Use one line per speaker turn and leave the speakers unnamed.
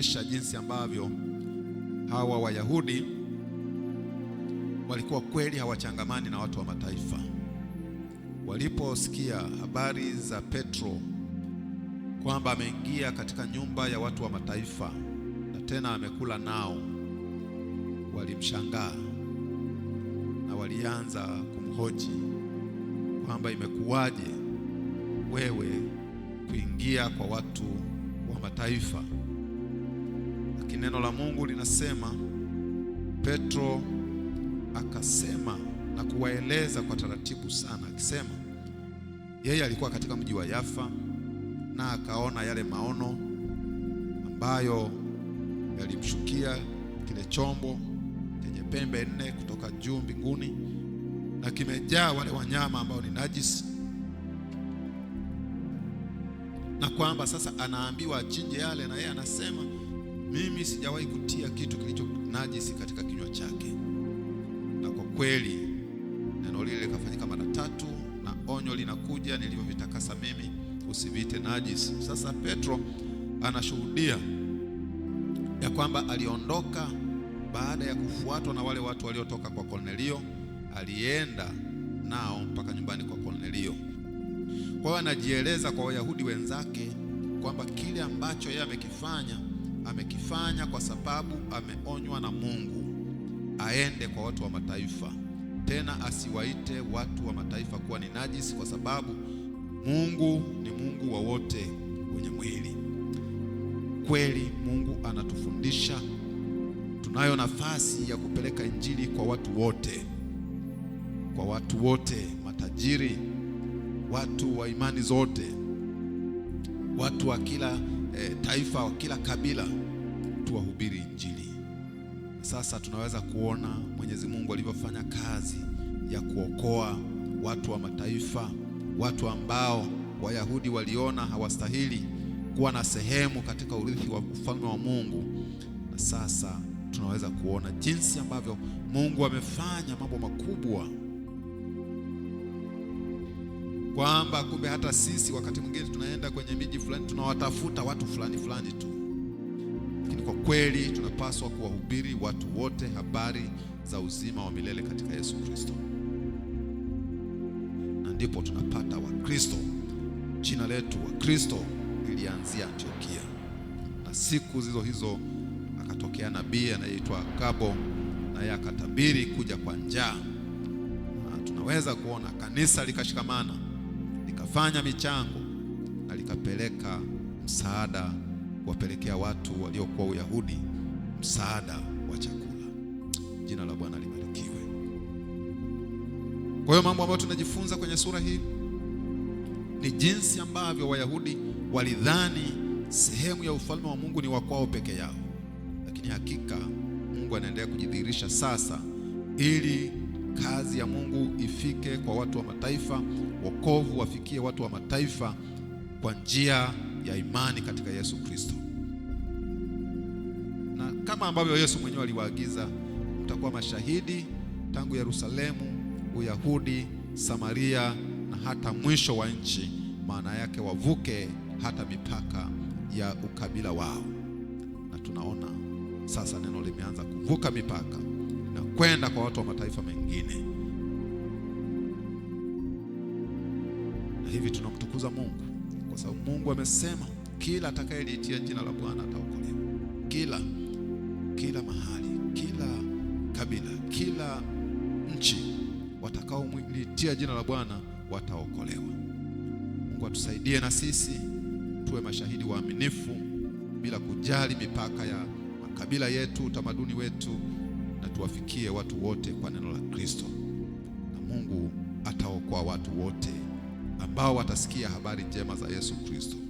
kuonyesha jinsi ambavyo hawa Wayahudi walikuwa kweli hawachangamani na watu wa mataifa. Waliposikia habari za Petro kwamba ameingia katika nyumba ya watu wa mataifa na tena amekula nao, walimshangaa na walianza kumhoji kwamba imekuwaje wewe kuingia kwa watu wa mataifa lakini neno la Mungu linasema Petro akasema na kuwaeleza kwa taratibu sana, akisema yeye alikuwa katika mji wa Yafa na akaona yale maono ambayo yalimshukia kile chombo chenye pembe nne kutoka juu mbinguni na kimejaa wale wanyama ambao ni najisi, na kwamba sasa anaambiwa achinje yale, na yeye anasema mimi sijawahi kutia kitu kilicho najisi katika kinywa chake, na kwa kweli neno lile likafanyika mara tatu, na onyo linakuja, nilivyovitakasa mimi usivite najisi. Sasa Petro anashuhudia ya kwamba aliondoka baada ya kufuatwa na wale watu waliotoka kwa Kornelio, alienda nao mpaka nyumbani kwa Kornelio. Kwa hiyo anajieleza kwa Wayahudi wenzake kwamba kile ambacho yeye amekifanya amekifanya kwa sababu ameonywa na Mungu aende kwa watu wa mataifa, tena asiwaite watu wa mataifa kuwa ni najisi, kwa sababu Mungu ni Mungu wa wote wenye mwili. Kweli Mungu anatufundisha tunayo nafasi ya kupeleka injili kwa watu wote, kwa watu wote, matajiri, watu wa imani zote, watu wa kila e, taifa wa kila kabila tuwahubiri Injili. Sasa tunaweza kuona Mwenyezi Mungu alivyofanya kazi ya kuokoa watu wa mataifa, watu ambao Wayahudi waliona hawastahili kuwa na sehemu katika urithi wa ufalme wa Mungu. Na sasa tunaweza kuona jinsi ambavyo Mungu amefanya mambo makubwa kwamba kumbe hata sisi wakati mwingine tunaenda kwenye miji fulani tunawatafuta watu fulani fulani tu, lakini kwa kweli tunapaswa kuwahubiri watu wote habari za uzima wa milele katika Yesu Kristo, na ndipo tunapata Wakristo. Jina letu Wakristo lilianzia Antiokia, na siku zizo hizo akatokea nabii anayeitwa Agabo, naye akatabiri kuja kwa njaa, na tunaweza kuona kanisa likashikamana likafanya michango na likapeleka msaada kuwapelekea watu waliokuwa Uyahudi msaada wa chakula. Jina la Bwana libarikiwe. Kwa hiyo mambo ambayo tunajifunza kwenye sura hii ni jinsi ambavyo Wayahudi walidhani sehemu ya ufalme wa Mungu ni wa kwao peke yao, lakini hakika Mungu anaendelea kujidhihirisha sasa ili kazi ya Mungu ifike kwa watu wa mataifa, wokovu wafikie watu wa mataifa kwa njia ya imani katika Yesu Kristo. Na kama ambavyo Yesu mwenyewe aliwaagiza, mtakuwa mashahidi tangu Yerusalemu, Uyahudi, Samaria na hata mwisho wa nchi. Maana yake wavuke hata mipaka ya ukabila wao, na tunaona sasa neno limeanza kuvuka mipaka kwenda kwa watu wa mataifa mengine. Na hivi tunamtukuza Mungu kwa sababu Mungu amesema kila atakayeliitia jina la Bwana ataokolewa, kila kila mahali, kila kabila, kila nchi watakaomliitia jina la Bwana wataokolewa. Mungu atusaidie na sisi tuwe mashahidi waaminifu bila kujali mipaka ya makabila yetu, utamaduni wetu na tuwafikie watu wote kwa neno la Kristo, na Mungu ataokoa watu wote ambao watasikia habari njema za Yesu Kristo.